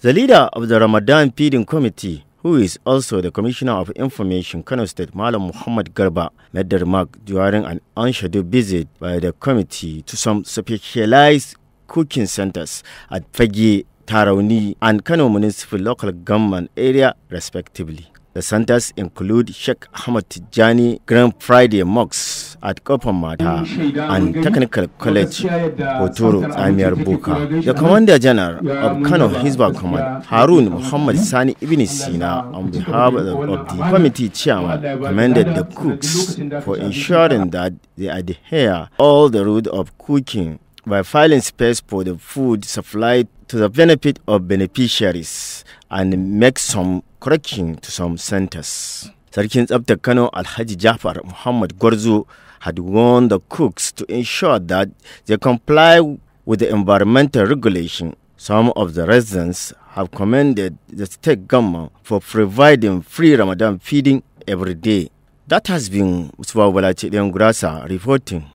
The leader of the Ramadan feeding committee, who is also the Commissioner of Information Kano State, Malam Muhammad Garba, made the remark during an unscheduled visit by the committee to some specialized cooking centers at Fagge Tarauni, and Kano Municipal Local Government Area, respectively. The centers include Sheikh Ahmad Tijani Grand Friday Mosque, at kofar mata and technical college hotoro tsamiyar boka the commander general of kano hizba command harun muhammad sani ibn sina uh, on behalf of the committee uh, chairman commended the cooks for ensuring uh, that they adhere all the rules of cooking by filing space for the food supplied to the benefit of beneficiaries and make some correction to some centers. Sarkin Tsabtar Kano Alhaji Jafar Muhammad Gorzu had warned the cooks to ensure that they comply with the environmental regulation. Some of the residents have commended the state government for providing free Ramadan feeding every day. That has been Uswa Walachi Gurasa reporting.